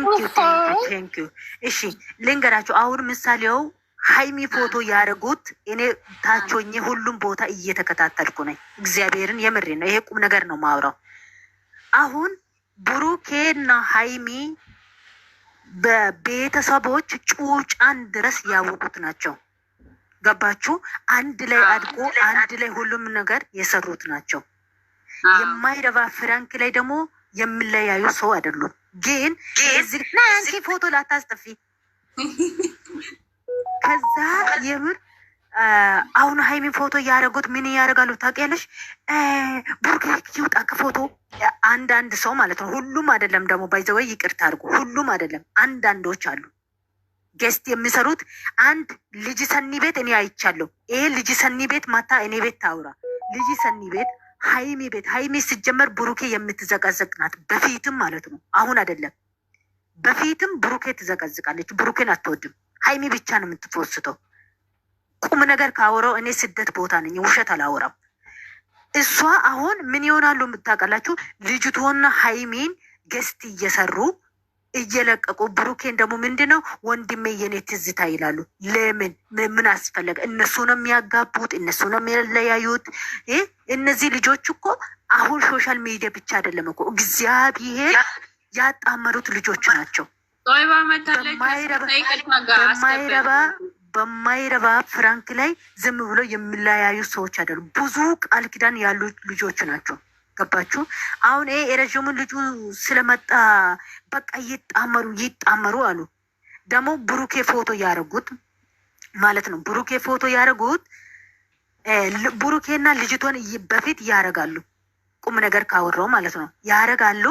ንዩ uh-huh. እሺ፣ ልንገራችሁ አሁን ምሳሌው ሀይሚ ፎቶ ያደረጉት እኔ ታቾኜ ሁሉም ቦታ እየተከታተልኩ ነኝ። እግዚአብሔርን የምሬ ነው። ይሄ ቁም ነገር ነው ማውራው። አሁን ብሩኬና ሀይሚ በቤተሰቦች ጩጫን ድረስ ያወቁት ናቸው። ገባችሁ? አንድ ላይ አድጎ አንድ ላይ ሁሉም ነገር የሰሩት ናቸው። የማይረባ ፍራንክ ላይ ደግሞ የሚለያዩ ሰው አይደሉም። ግን ና አንቺ ፎቶ ላታስጠፊ። ከዛ የምር አሁን ሀይሚን ፎቶ እያደረጉት ምን እያደረጋሉ ታውቂያለሽ? ቡርጌክ ይውጣ ከፎቶ አንዳንድ ሰው ማለት ነው። ሁሉም አይደለም ደግሞ ባይዘወይ ይቅርታ አድርጉ። ሁሉም አይደለም አንዳንዶች አሉ ጌስት የሚሰሩት አንድ ልጅ ሰኒ ቤት እኔ አይቻለሁ። ይሄ ልጅ ሰኒ ቤት ማታ እኔ ቤት ታውራ ልጅ ሰኒ ቤት ሀይሜ ቤት ሀይሜ ስጀመር ብሩኬ የምትዘቀዘቅ ናት። በፊትም ማለት ነው፣ አሁን አይደለም። በፊትም ብሩኬ ትዘቀዝቃለች። ብሩኬን አትወድም። ሀይሜ ብቻ ነው የምትፈወስተው። ቁም ነገር ካወራው እኔ ስደት ቦታ ነኝ፣ ውሸት አላወራም። እሷ አሁን ምን ይሆናሉ የምታውቃላችሁ? ልጅቶና ሀይሜን ገስት እየሰሩ እየለቀቁ ብሩኬን ደግሞ ምንድን ነው ወንድሜ የኔ ትዝታ ይላሉ። ለምን ምን አስፈለገ? እነሱ ነው የሚያጋቡት፣ እነሱ ነው የሚለያዩት። እነዚህ ልጆች እኮ አሁን ሶሻል ሚዲያ ብቻ አይደለም እኮ እግዚአብሔር ያጣመሩት ልጆች ናቸው። በማይረባ በማይረባ ፍራንክ ላይ ዝም ብሎ የሚለያዩ ሰዎች አይደሉ። ብዙ ቃል ኪዳን ያሉ ልጆች ናቸው። ገባችሁ? አሁን ይሄ የረዥሙን ልጁ ስለመጣ በቃ ይጣመሩ ይጣመሩ አሉ። ደግሞ ብሩኬ ፎቶ ያደረጉት ማለት ነው። ብሩኬ ፎቶ ያደረጉት ብሩኬና ልጅቶን በፊት ያደረጋሉ ቁም ነገር ካወራው ማለት ነው ያደረጋሉ።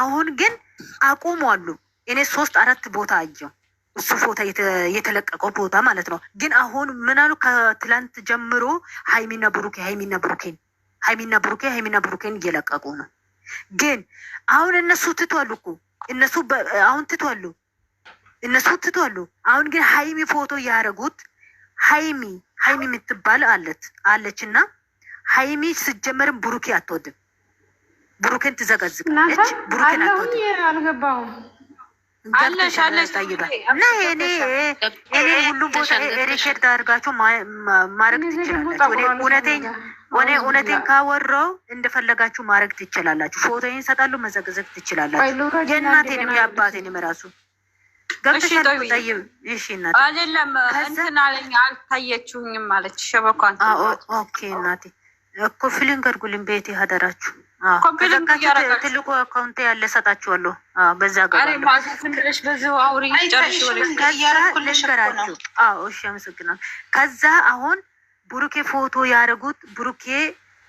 አሁን ግን አቁሟሉ። እኔ ሶስት አራት ቦታ አየው እሱ ፎታ የተለቀቀው ቦታ ማለት ነው። ግን አሁን ምናሉ ከትላንት ጀምሮ ሀይሚና ብሩኬ ሀይሚና ብሩኬን ሀይሚና ብሩኬ ሀይሚና ብሩኬን እየለቀቁ ነው። ግን አሁን እነሱ ትቷሉ እኮ እነሱ አሁን ትቷሉ እነሱ ትቷሉ። አሁን ግን ሀይሚ ፎቶ ያደረጉት ሀይሚ ሀይሚ የምትባል አለት አለች እና ሀይሚ ስጀመርም ብሩኬ አትወድም። ብሩኬን ትዘቀዝቃለች። ብሩኬን አትወድም። አለሽ እኔ ሁሉም ቦታ ሪከርድ አድርጋችሁ ማድረግ ትችላለች። እውነቴን እኔ እውነቴን ካወራው እንደፈለጋችሁ ማድረግ ትችላላችሁ። ፎቶዬን ይሰጣሉ፣ መዘግዘግ ትችላላችሁ። የእናቴንም የአባቴንም ራሱ ገብተሻልይሽአለም እንትን አልታየችሁኝም እናቴ ቤቴ ሀደራችሁ ትልቁ አካውንት ያለ ሰጣችኋለሁ። በዛ ከዛ አሁን ብሩኬ ፎቶ ያደረጉት ብሩኬ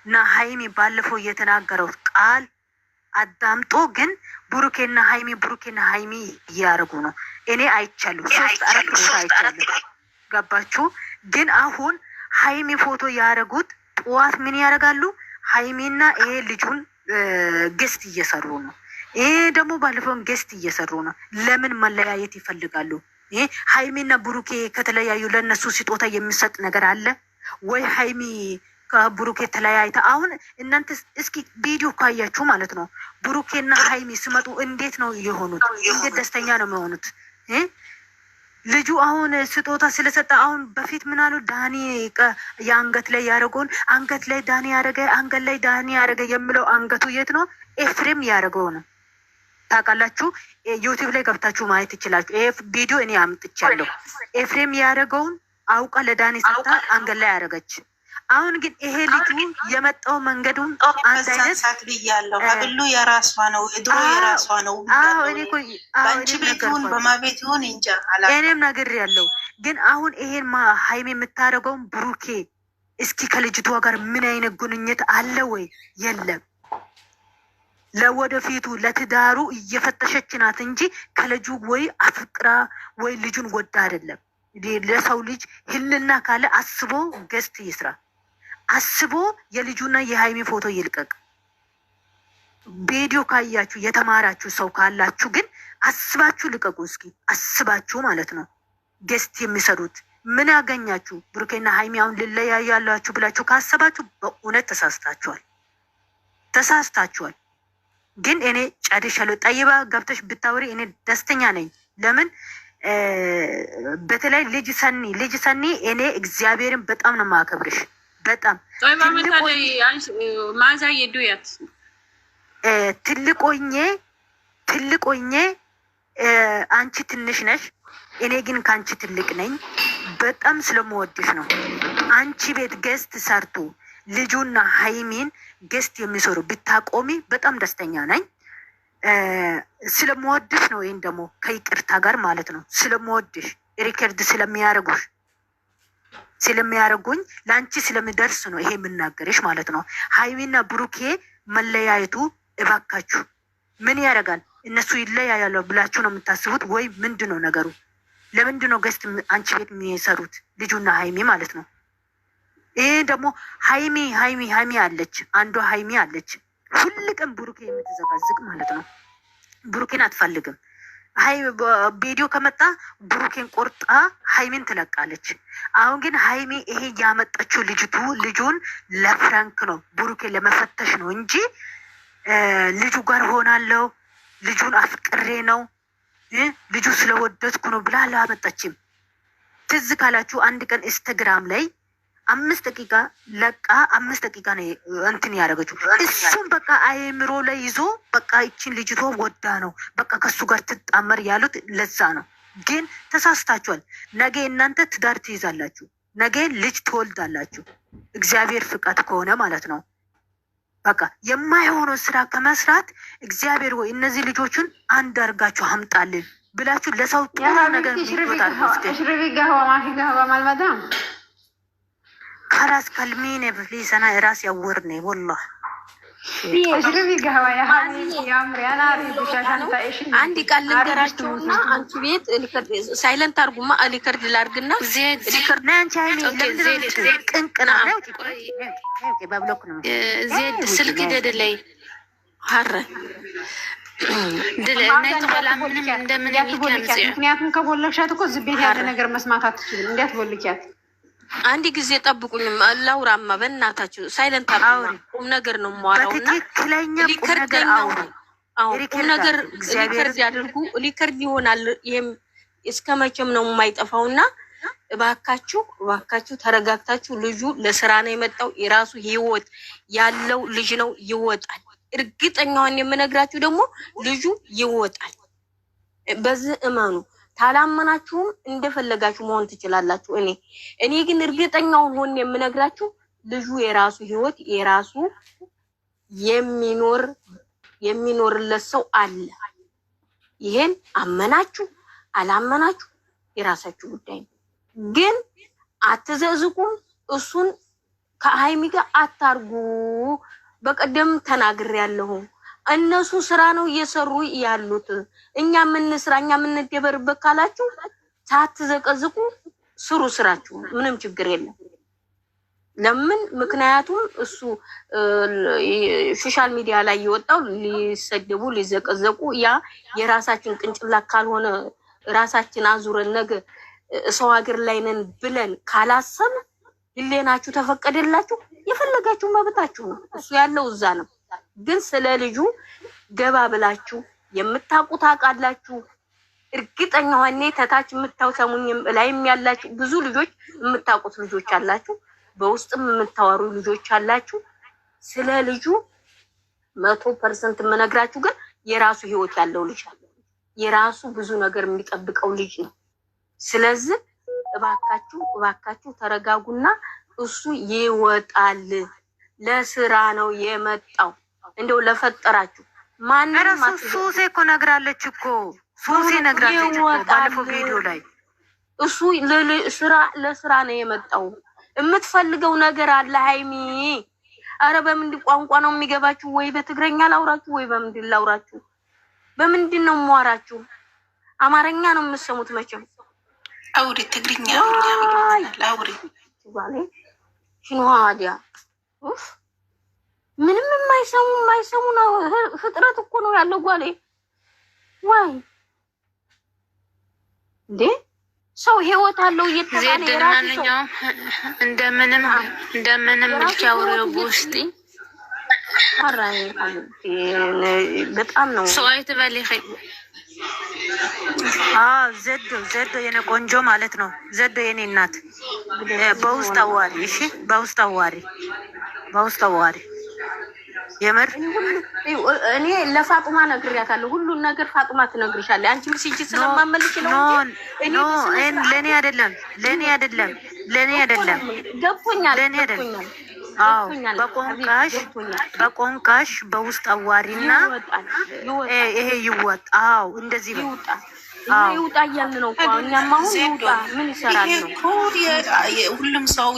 እና ሀይሚ ባለፈው እየተናገረው ቃል አዳምጦ ግን ብሩኬና ሀይሚ ብሩኬና ሀይሚ እያደረጉ ነው። እኔ አይቻሉ ሶስት አራት ቦታ አይቻሉ። ገባችሁ? ግን አሁን ሀይሚ ፎቶ ያደረጉት ጠዋት ምን ያደርጋሉ? ሀይሚና ይሄ ልጁን ገስት እየሰሩ ነው። ይሄ ደግሞ ባለፈውን ገስት እየሰሩ ነው። ለምን መለያየት ይፈልጋሉ? ይሄ ሀይሚና ብሩኬ ከተለያዩ ለእነሱ ስጦታ የሚሰጥ ነገር አለ? ወይ ሀይሚ ከብሩኬ ተለያይተ አሁን እናንተ እስኪ ቪዲዮ ካያችሁ ማለት ነው ብሩኬና ሀይሚ ስመጡ እንዴት ነው የሆኑት? እንዴት ደስተኛ ነው የሆኑት ልጁ አሁን ስጦታ ስለሰጠ አሁን በፊት ምናሉ ዳኒ የአንገት ላይ ያደረገውን አንገት ላይ ዳኒ ያደረገ አንገት ላይ ዳኒ ያደረገ የሚለው አንገቱ የት ነው? ኤፍሬም ያደረገው ነው። ታውቃላችሁ፣ ዩቲዩብ ላይ ገብታችሁ ማየት ይችላችሁ። ቪዲዮ እኔ አምጥቻለሁ። ኤፍሬም ያደረገውን አውቃ ለዳኒ ሰታ አንገት ላይ ያደረገች። አሁን ግን ይሄ ልጁ የመጣው መንገዱን አንድ አይነት ሰዓት ብያለሁ። ሀብሉ የራሷ ነው፣ እድሩ የራሷ ነው። በአንቺ ቤት ይሁን በማቤት ይሁን እንጃ አላ እኔም ነገር ያለው ግን አሁን ይሄን ሀይሜ የምታደርገውን ብሩኬ እስኪ ከልጅቷ ጋር ምን አይነት ግንኙነት አለ ወይ? የለም። ለወደፊቱ ለትዳሩ እየፈተሸች ናት እንጂ ከልጁ ወይ አፍቅራ ወይ ልጁን ወዳ አይደለም። ለሰው ልጅ ህልና ካለ አስቦ ገስት ይስራ፣ አስቦ የልጁና የሀይሚ ፎቶ ይልቀቅ። ቪዲዮ ካያችሁ የተማራችሁ ሰው ካላችሁ ግን አስባችሁ ልቀቁ። እስኪ አስባችሁ ማለት ነው። ገስት የሚሰሩት ምን ያገኛችሁ? ብሩኬና ሀይሚ አሁን ልለያያላችሁ ብላችሁ ካሰባችሁ በእውነት ተሳስታችኋል፣ ተሳስታችኋል። ግን እኔ ጨርሻለሁ። ጠይባ ገብተሽ ብታወሪ እኔ ደስተኛ ነኝ። ለምን በተለይ ልጅ ሰኒ ልጅ ሰኒ እኔ እግዚአብሔርን በጣም ነው የማከብርሽ። በጣም ማዛ የዱያት ትልቆኜ ትልቆኜ አንቺ ትንሽ ነሽ፣ እኔ ግን ከአንቺ ትልቅ ነኝ። በጣም ስለምወድሽ ነው አንቺ ቤት ገስት ሰርቶ ልጁና ሀይሚን ገስት የሚሰሩ ብታቆሚ በጣም ደስተኛ ነኝ። ስለምወድሽ ነው። ይህን ደግሞ ከይቅርታ ጋር ማለት ነው ስለምወድሽ ሪከርድ ስለሚያደርጉሽ ስለሚያደርጉኝ ለአንቺ ስለሚደርስ ነው ይሄ የምናገርሽ ማለት ነው። ሀይሚና ብሩኬ መለያየቱ እባካችሁ ምን ያደርጋል? እነሱ ይለያያሉ ብላችሁ ነው የምታስቡት ወይ? ምንድን ነው ነገሩ? ለምንድን ነው ገስት አንቺ ቤት የሚሰሩት ልጁና ሀይሚ ማለት ነው። ይህ ደግሞ ሀይሚ ሀይሚ ሀይሚ አለች፣ አንዷ ሀይሚ አለች። ሁል ቀን ብሩኬ የምትዘጋዝቅ ማለት ነው። ብሩኬን አትፈልግም። ሀይ ቪዲዮ ከመጣ ብሩኬን ቆርጣ ሀይሜን ትለቃለች። አሁን ግን ሀይሜ ይሄ ያመጣችው ልጅቱ ልጁን ለፍራንክ ነው ብሩኬን ለመፈተሽ ነው እንጂ ልጁ ጋር ሆናለው ልጁን አፍቅሬ ነው ልጁ ስለወደድኩ ነው ብላ አላመጣችም። ትዝ ካላችሁ አንድ ቀን ኢንስተግራም ላይ አምስት ደቂቃ ለቃ አምስት ደቂቃ ነው እንትን ያደረገችው። እሱም በቃ አእምሮ ላይ ይዞ በቃ ይችን ልጅቶ ወዳ ነው በቃ ከሱ ጋር ትጣመር ያሉት ለዛ ነው። ግን ተሳስታችኋል። ነገ እናንተ ትዳር ትይዛላችሁ፣ ነገ ልጅ ትወልዳላችሁ፣ እግዚአብሔር ፍቃድ ከሆነ ማለት ነው። በቃ የማይሆነው ስራ ከመስራት እግዚአብሔር ወይ እነዚህ ልጆችን አንድ አድርጋችሁ አምጣልን ብላችሁ ለሰው ጥሩ ነገር ሚወጣል ከራስ ከልሜኔ ብፍሊሰና የራስ ያወርኔ ወላ አንድ ቃል ልንገራችሁና አንቺ ቤት ሳይለንት አርጉማ ሊከርድ ላርግና ዜድ ስልክ ደደለይ ሀረ ምክንያቱም ከቦለሻት እኮ ዝቤት ያለ ነገር መስማት አትችልም። እንዲያት ቦልኪያት አንድ ጊዜ ጠብቁኝም ላውራማ፣ በእናታችሁ ሳይለንት ቁም ነገር ነው የማወራው እና ቁም ነገር ሊከርድ ያደርጉ ሊከርድ ይሆናል። ይህም እስከ መቼም ነው የማይጠፋው እና እባካችሁ እባካችሁ ተረጋግታችሁ። ልጁ ለስራ ነው የመጣው። የራሱ ህይወት ያለው ልጅ ነው፣ ይወጣል። እርግጠኛዋን የምነግራችሁ ደግሞ ልጁ ይወጣል። በዚህ እመኑ። ታላመናችሁም እንደፈለጋችሁ መሆን ትችላላችሁ። እኔ እኔ ግን እርግጠኛውን ሆን የምነግራችሁ ልጁ የራሱ ህይወት የራሱ የሚኖር የሚኖርለት ሰው አለ። ይሄን አመናችሁ አላመናችሁ የራሳችሁ ጉዳይ ነው። ግን አትዘዝቁም፣ እሱን ከሀይሚ ጋር አታርጉ። በቀደም ተናግሬያለሁ። እነሱ ስራ ነው እየሰሩ ያሉት። እኛ ምን ስራ እኛ የምንደበርበት ካላችሁ ሳትዘቀዝቁ ስሩ ስራችሁ፣ ምንም ችግር የለም። ለምን ምክንያቱም እሱ ሶሻል ሚዲያ ላይ የወጣው ሊሰደቡ ሊዘቀዘቁ፣ ያ የራሳችን ቅንጭላት ካልሆነ ራሳችን አዙረን ነገ ሰው ሀገር ላይ ነን ብለን ካላሰብ ህሌናችሁ ተፈቀደላችሁ፣ የፈለጋችሁ መብታችሁ ነው። እሱ ያለው እዛ ነው። ግን ስለ ልጁ ገባ ብላችሁ የምታውቁት ታውቃላችሁ። እርግጠኛ ሆኔ ተታች የምታውሰሙኝ ላይም ያላችሁ ብዙ ልጆች የምታውቁት ልጆች አላችሁ፣ በውስጥም የምታወሩ ልጆች አላችሁ። ስለ ልጁ መቶ ፐርሰንት የምነግራችሁ ግን የራሱ ህይወት ያለው ልጅ አለ። የራሱ ብዙ ነገር የሚጠብቀው ልጅ ነው። ስለዚህ እባካችሁ እባካችሁ ተረጋጉና እሱ ይወጣል። ለስራ ነው የመጣው። እንደው ለፈጠራችሁ ማን ሱሴ እኮ ነግራለች እኮ ሱሴ ነግራለች እኮ ባለፈው ቪዲዮ ላይ እሱ ስራ ለስራ ነው የመጣው። የምትፈልገው ነገር አለ ሃይሚ። አረ በምንድን ቋንቋ ነው የሚገባችሁ? ወይ በትግረኛ ላውራችሁ፣ ወይ በምንድን ላውራችሁ? በምንድን ነው የማወራችሁ? አማርኛ ነው የምትሰሙት መቼም። አውሪ ትግርኛ፣ አውሪ ሽንዋ ኡፍ ምንም የማይሰሙ የማይሰሙ ፍጥረት እኮ ነው ያለው። ጓሌ ዋይ እንዴ! ሰው ህይወት አለው እየተባለ ማንኛውም እንደምንም እንደምንም በጣም ነው ሰው ዘዶ ዘዶ የኔ ቆንጆ ማለት ነው። ዘዶ የኔ እናት በውስጥ አዋሪ። እሺ፣ በውስጥ አዋሪ፣ በውስጥ አዋሪ የምር እኔ ለፋጡማ ነግሬያታለሁ። ሁሉን ነገር ፋጡማ ትነግርሻለች። አንቺ ምስጅ ስለማመልሽ ነው። ለእኔ አይደለም ለእኔ አይደለም ለእኔ አይደለም ገብቶኛል፣ ለእኔ አይደለም። በቆንቃሽ በቆንቃሽ በውስጥ አዋሪና ይሄ ይወጣ። አዎ እንደዚህ ነው ሁሉም ሰው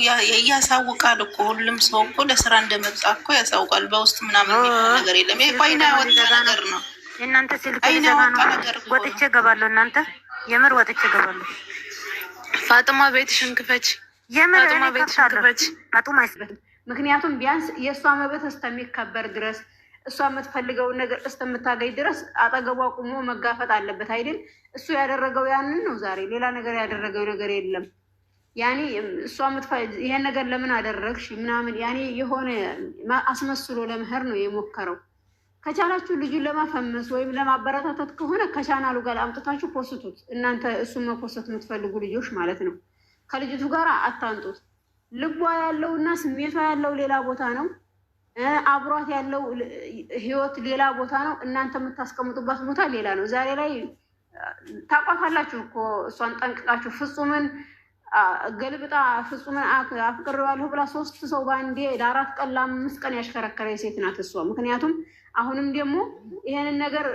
ያሳውቃል እኮ ሁሉም ሰው እኮ ለስራ እንደመጣ እኮ ያሳውቃል። በውስጥ ምናምን ነገር የለም። ይሄ ወጣ ነገር ነው። እናንተ ስልክ ነው። ወጥቼ እገባለሁ። እናንተ የምር ወጥቼ እገባለሁ። ፋጥማ ቤትሽን ክፈች። የምር ቤትሽን ክፈች። ፋጥማ ምክንያቱም ቢያንስ የእሷ መብት እስከሚከበር ድረስ እሷ የምትፈልገውን ነገር እስከምታገኝ ድረስ አጠገቧ ቁሞ መጋፈጥ አለበት አይደል? እሱ ያደረገው ያንን ነው ዛሬ። ሌላ ነገር ያደረገው ነገር የለም። ያኔ እሷ ይሄን ነገር ለምን አደረግሽ ምናምን ያኔ የሆነ አስመስሎ ለመሄድ ነው የሞከረው። ከቻላችሁ ልጁን ለማፈመስ ወይም ለማበረታታት ከሆነ ከቻናሉ ጋር አምጥታችሁ ፖስቱት። እናንተ እሱን መፖሰት የምትፈልጉ ልጆች ማለት ነው። ከልጅቱ ጋር አታንጡት። ልቧ ያለው እና ስሜቷ ያለው ሌላ ቦታ ነው። አብሯት ያለው ህይወት ሌላ ቦታ ነው። እናንተ የምታስቀምጡባት ቦታ ሌላ ነው። ዛሬ ላይ ታቋታላችሁ እኮ እሷን ጠንቅቃችሁ። ፍጹምን ገልብጣ ፍጹምን አፍቅሬዋለሁ ብላ ሶስት ሰው በአንዴ ለአራት ቀን ለአምስት ቀን ያሽከረከረ ሴት ናት እሷ። ምክንያቱም አሁንም ደግሞ ይሄንን ነገር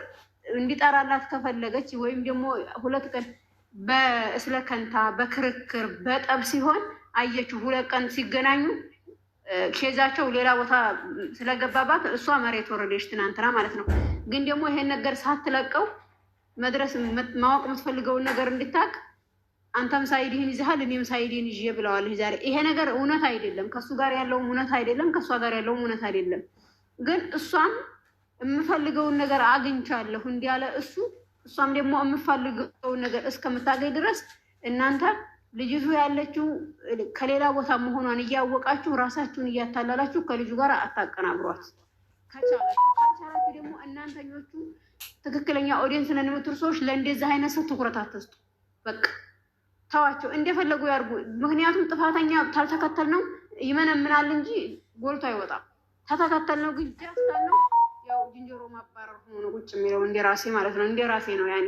እንዲጠራላት ከፈለገች ወይም ደግሞ ሁለት ቀን በእስለከንታ በክርክር በጠብ ሲሆን አየችሁ፣ ሁለት ቀን ሲገናኙ ኬዛቸው ሌላ ቦታ ስለገባባት እሷ መሬት ወረደች ትናንትና ማለት ነው። ግን ደግሞ ይሄን ነገር ሳትለቀው መድረስ ማወቅ የምትፈልገውን ነገር እንድታቅ አንተም ሳይድህን ይዝሃል እኔም ሳይድህን ይዤ ብለዋል ዛሬ። ይሄ ነገር እውነት አይደለም፣ ከእሱ ጋር ያለውም እውነት አይደለም፣ ከእሷ ጋር ያለውም እውነት አይደለም። ግን እሷም የምፈልገውን ነገር አግኝቻለሁ እንዲያለ እሱ እሷም ደግሞ የምፈልገውን ነገር እስከምታገኝ ድረስ እናንተ ልጅቱ ያለችው ከሌላ ቦታ መሆኗን እያወቃችሁ ራሳችሁን እያታላላችሁ ከልጁ ጋር አታቀናብሯት። ከቻላችሁ ደግሞ እናንተኞቹ ትክክለኛ ኦዲየንስ ነን የምትሉ ሰዎች ለእንደዚህ አይነት ሰው ትኩረት አትስጡ። በቃ ተዋቸው፣ እንደፈለጉ ያርጉ። ምክንያቱም ጥፋተኛ ታልተከተል ነው ይመነምናል እንጂ ጎልቶ አይወጣም። ተተከተል ነው ግን ያው ዝንጀሮ ማባረር ሆኖ ቁጭ የሚለው እንደ ራሴ ማለት ነው እንደ ራሴ ነው ያኔ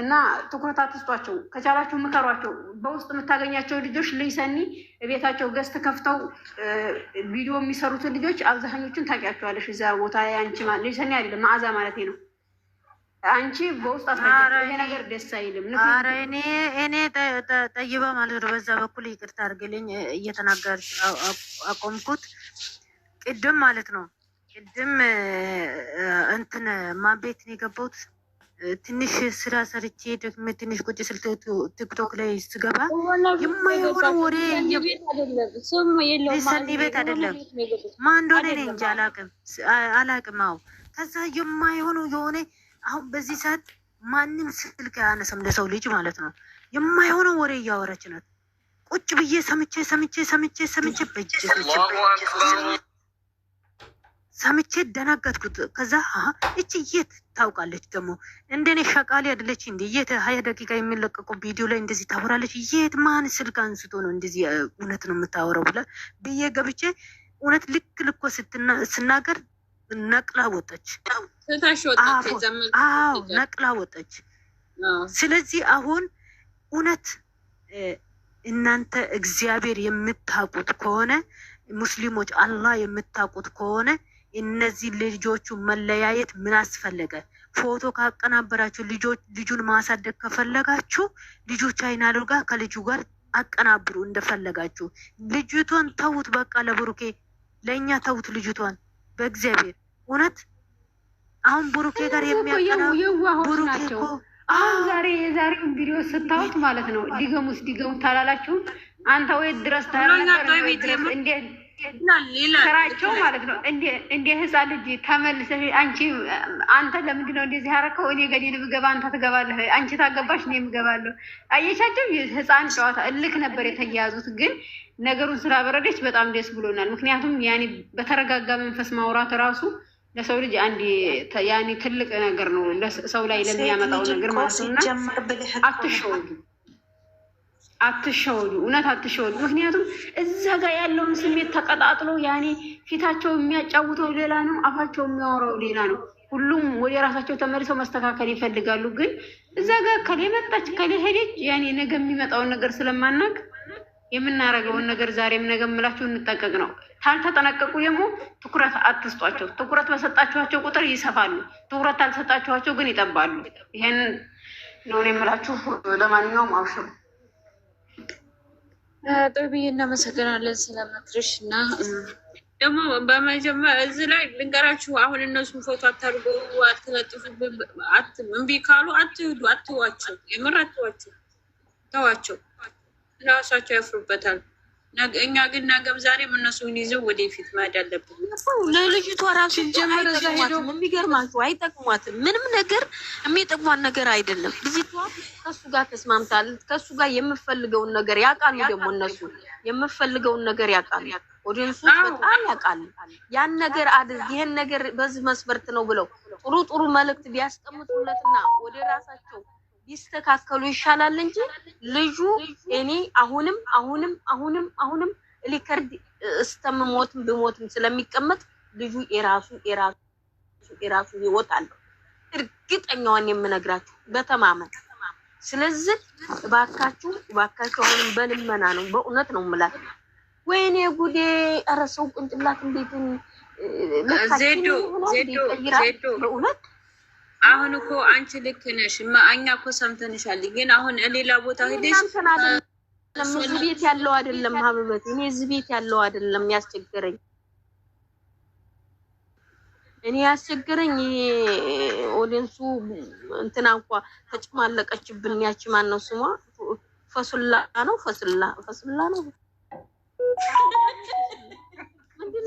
እና ትኩረት አትስጧቸው፣ ከቻላችሁ ምከሯቸው። በውስጥ የምታገኛቸው ልጆች ልይሰኒ ቤታቸው ገዝት ከፍተው ቪዲዮ የሚሰሩትን ልጆች አብዛኞቹን ታውቂያቸዋለሽ። እዛ ቦታ አንቺ ልይሰኒ አይደለም መዓዛ ማለት ነው። አንቺ በውስጥ አስረጃ ነገር ደስ አይልም። ኧረ እኔ እኔ ጠይበ ማለት ነው። በዛ በኩል ይቅርታ አድርግልኝ እየተናገር አቆምኩት ቅድም ማለት ነው። ቅድም እንትን ማቤት ነው የገባሁት ትንሽ ስራ ሰርቼ ደግሞ ትንሽ ቁጭ ስልት ቲክቶክ ላይ ስገባ የማይሆነ ወሬ ሰኒ ቤት አይደለም ማን እንደሆነ እኔ እንጂ አላቅም አላቅም። አዎ ከዛ የማይሆኑ የሆነ አሁን በዚህ ሰዓት ማንም ስልክ አያነሳም ለሰው ልጅ ማለት ነው። የማይሆነ ወሬ እያወረች ናት። ቁጭ ብዬ ሰምቼ ሰምቼ ሰምቼ ሰምቼ በጅ ሰምቼ ደናገጥኩት። ከዛ እቺ የት ታውቃለች ደግሞ እንደኔ ሸቃሌ አይደለች እንዲ የት ሀያ ደቂቃ የሚለቀቁ ቪዲዮ ላይ እንደዚህ ታወራለች። የት ማን ስልክ አንስቶ ነው እንደዚህ እውነት ነው የምታወራው ብለ ብዬ ገብቼ እውነት ልክ ልኮ ስናገር ነቅላ ወጠች። አዎ ነቅላ ወጠች። ስለዚህ አሁን እውነት እናንተ እግዚአብሔር የምታውቁት ከሆነ ሙስሊሞች አላህ የምታውቁት ከሆነ እነዚህ ልጆቹ መለያየት ምን አስፈለገ? ፎቶ ካቀናበራችሁ ልጁን ማሳደግ ከፈለጋችሁ ልጆች አይን አድርጋ ከልጁ ጋር አቀናብሩ እንደፈለጋችሁ። ልጅቷን ተዉት፣ በቃ ለብሩኬ ለእኛ ተዉት ልጅቷን በእግዚአብሔር እውነት። አሁን ብሩኬ ጋር የሚያቀናብሩ አሁን ዛሬ የዛሬውን ቪዲዮ ስታዩት ማለት ነው። ዲገሙስ ዲገሙ ታላላችሁ አንተ ወይ ድረስ ታላላችሁ እንዴት ስራቸው ማለት ነው። እንደ ህፃን ልጅ ተመልሰሽ አንቺ አንተ ለምንድን ነው እንደዚህ ያደረከው? እኔ ገዴን ብገባ አንተ ትገባለህ፣ አንቺ ታገባሽ እኔ ምገባለሁ። አየቻቸው ህፃን ጨዋታ እልክ ነበር የተያያዙት፣ ግን ነገሩን ስራ በረደች በጣም ደስ ብሎናል። ምክንያቱም ያኔ በተረጋጋ መንፈስ ማውራት ራሱ ለሰው ልጅ አንድ ያኔ ትልቅ ነገር ነው፣ ሰው ላይ ለሚያመጣው ነገር ማለት ነው እና አትሸወዱ፣ እውነት አትሸወዱ። ምክንያቱም እዛ ጋር ያለውን ስሜት ተቀጣጥሎ ያኔ ፊታቸው የሚያጫውተው ሌላ ነው፣ አፋቸው የሚያወራው ሌላ ነው። ሁሉም ወደ ራሳቸው ተመልሰው መስተካከል ይፈልጋሉ። ግን እዛ ጋር ከሌ መጣች ከሌ ሄደች፣ ያኔ ነገ የሚመጣውን ነገር ስለማናቅ የምናረገውን ነገር ዛሬም ነገ ምላችሁ እንጠቀቅ ነው። ታልተጠነቀቁ ደግሞ ትኩረት አትስጧቸው። ትኩረት በሰጣችኋቸው ቁጥር ይሰፋሉ። ትኩረት አልሰጣችኋቸው ግን ይጠባሉ። ይሄን ነው የምላችሁ። ለማንኛውም አውሽም ጥሩ ብዬ እናመሰግናለን ስለመትርሽ እና ደግሞ በመጀመሪያ እዚህ ላይ ልንገራችሁ። አሁን እነሱን ፎቶ አታርጎ አትለጥፉ። እምቢ ካሉ አትሂዱ፣ አትዋቸው፣ የምር አትዋቸው፣ ተዋቸው። ራሳቸው ያፍሩበታል። እኛ ግን ነገም ዛሬም እነሱን ይዘው ወደፊት መሄድ አለብን። ለልጅቷ ራሱ ጀመረ የሚገርማችሁ አይጠቅሟትም። ምንም ነገር የሚጠቅሟን ነገር አይደለም። ልጅቷ ከሱ ጋር ተስማምታል። ከሱ ጋር የምፈልገውን ነገር ያውቃሉ። ደግሞ እነሱ የምፈልገውን ነገር ያውቃሉ። ኦዲንሱ በጣም ያውቃሉ። ያን ነገር አድርግ፣ ይህን ነገር በዚህ መስፈርት ነው ብለው ጥሩ ጥሩ መልእክት ቢያስቀምጡለትና ወደ ራሳቸው ይስተካከሉ ይሻላል እንጂ ልጁ እኔ አሁንም አሁንም አሁንም አሁንም ሊከርድ እስተምሞትም ብሞትም ስለሚቀመጥ ልጁ የራሱ የራሱ የራሱ ህይወት አለው። እርግጠኛዋን የምነግራችሁ በተማመን ስለዚህ እባካችሁ እባካችሁ አሁንም በልመና ነው፣ በእውነት ነው የምላት። ወይኔ ጉዴ! ኧረ ሰው ቁንጭላት እንዴት በእውነት አሁን እኮ አንቺ ልክ ነሽ፣ እኛ እኮ ሰምተንሻል። ግን አሁን ሌላ ቦታ ሄደሽ እዚህ ቤት ያለው አይደለም ሀብበት እኔ እዚህ ቤት ያለው አይደለም ያስቸገረኝ። እኔ ያስቸገረኝ ኦዲንሱ እንትና እንኳ ተጭማለቀችብን። ያቺ ማን ነው ስሟ? ፈሱላ ነው፣ ፈሱላ ፈሱላ ነው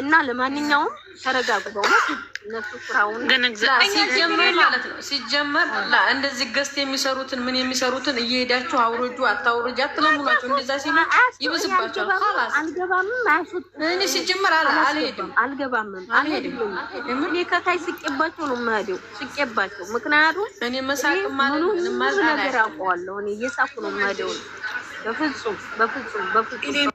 እና ለማንኛውም ተረጋጉ። በእውነት እነሱ ስራውን ግን ሲጀመር ማለት ነው ሲጀመር እንደዚህ ገዝት የሚሰሩትን ምን የሚሰሩትን እየሄዳችሁ አውርጁ፣ አታውርጅ አትለምሏቸው። እንደዛ ሲሉ ይብስባቸዋል። አልገባምም እኔ ሲጀመር አልሄድም፣ አልገባምም፣ አልሄድም። እኔ ከታይ ስቄባቸው ነው የምሄደው፣ ስቄባቸው። ምክንያቱም እኔ መሳቅ ማለት ምንም ነገር አውቀዋለሁ። እኔ እየሳኩ ነው የምሄደው። በፍጹም በፍጹም በፍጹም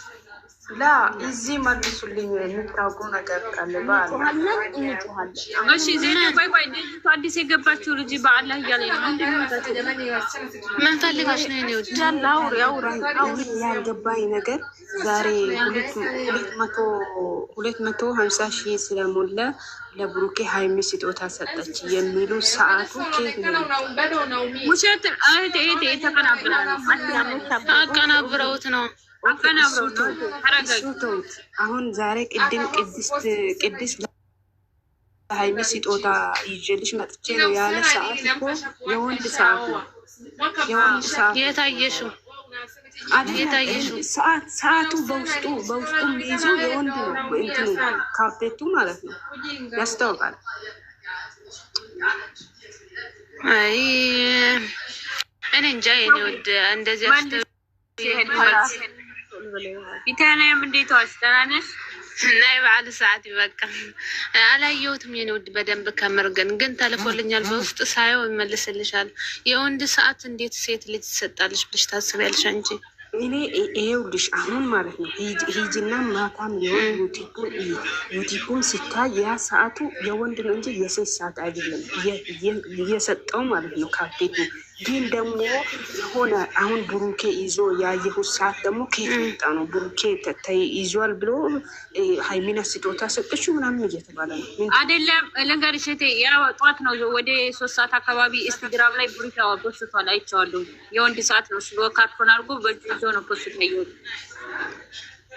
ላ እዚህ መልሱልኝ። የምታውቁ ነገር ካለ እሺ። ዜና አዲስ የገባችው ልጅ በአላህ እያለ ምን ነው? ያልገባኝ ነገር ዛሬ ሁለት መቶ ሀምሳ ሺህ ስለሞላ ለብሩኬ ሀይሚ ስጦታ ሰጠች የሚሉ ሰዓቱ አቀናብረውት ነው ተውት። አሁን ዛሬ ቅድም ቅድስት ለሀይሚ ስጦታ ይዤልሽ መጥቼ ነው ያለ ሰዓት እኮ የወንድ ሰዓት የወንድ ሰዓት የታየሽው ሰዓቱ በውስጡ በውስጡ የሚይዙ የወንድ ነው። እንትኑ ካርፔቱ ማለት ነው ያስታውቃል። አይ እኔ እንጃ የኔ ወድ እንደዚህ ቢታንያም እንዴት ዋልሽ? ደህና ነሽ? እና የበዓል ሰዓት ይበቃ። አላየሁትም የኔ ውድ በደንብ ከምር ግን ግን ተልኮልኛል። በውስጥ ሳየው ይመልስልሻል። የወንድ ሰዓት እንዴት ሴት ልጅ ትሰጣለች ብለሽ ታስቢያለሽ እንጂ እኔ ይኸውልሽ አሁን ማለት ነው ሂጂና ማታም የሆን ዩቲዩብም ሲታይ ያ ሰዓቱ የወንድ ነው እንጂ የሴት ሰዓት አይደለም እየሰጠው ማለት ነው ካፔቱ ግን ደግሞ የሆነ አሁን ብሩኬ ይዞ ያየሁት ሰዓት ደግሞ ከየት መጣ ነው? ብሩኬ ይዟል ብሎ ሀይሚና ስጦታ ሰጠችው ምናምን እየተባለ ነው። አይደለም ልንገርሽ፣ ሴቴ ያው ጠዋት ነው ወደ ሶስት ሰዓት አካባቢ ኢንስታግራም ላይ ብሩኬ ፖስቷል፣ አይቼዋለሁ። የወንድ ሰዓት ነው። ስሎ ካርቶን አድርጎ በእጁ ይዞ ነው ፖስት ላይ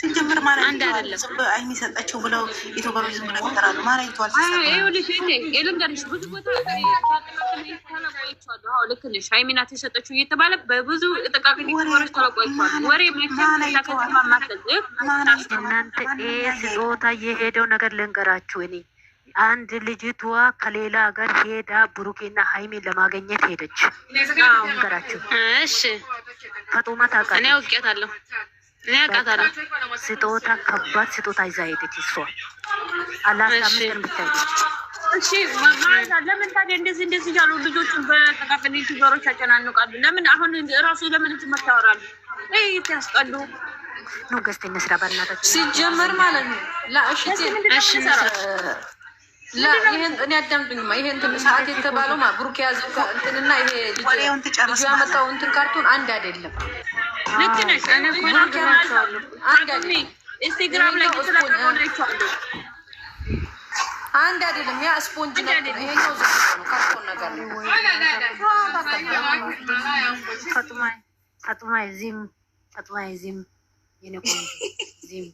ሲጀምር አንድ አይደለም። አይሚ ሰጠችው ብለው ኢትዮበሮች ዝም ብለው ይጠራሉ። ልክ ነሽ። አይሚ ናት የሰጠችው እየተባለ በብዙ ስጦታ የሄደው ነገር ልንገራችሁ እኔ አንድ ልጅቷ ከሌላ ሀገር ሄዳ ብሩኬና ሀይሚን ለማገኘት ሄደች። ነገራችሁ ፈጡማ ታውቃለች። እኔ አውቄያታለሁ። ስጦታ ከባድ ስጦታ ይዛ ሄደች። እሷ አላስታምስትን እሺ ለምን ታዲያ እንደዚህ እንደዚህ ያሉ ልጆቹን በተካፈል ዩቲዩበሮች ያጨናንቃሉ? ለምን ነው። ማለት ነው። ይሄን አዳምጡኝማ። ይሄ እንትን ሰዓት የተባለው ብሩክ የያዘው እንትንና ይሄ ልጁ ያመጣው እንትን ካርቱን አንድ አይደለም። ልክ ነሽ። እኔ እኮ ነግራቸዋለሁ። ኢንስታግራም ላይ ተለቀቀላቸዋለሁ። አንድ አይደለም፣ ያ ስፖንጅ ነው። ይሄኛው ካርቶን ነገር ነው። አጥማይ ዚም አጥማይ ዚም የኔ ቆንጆ ዚም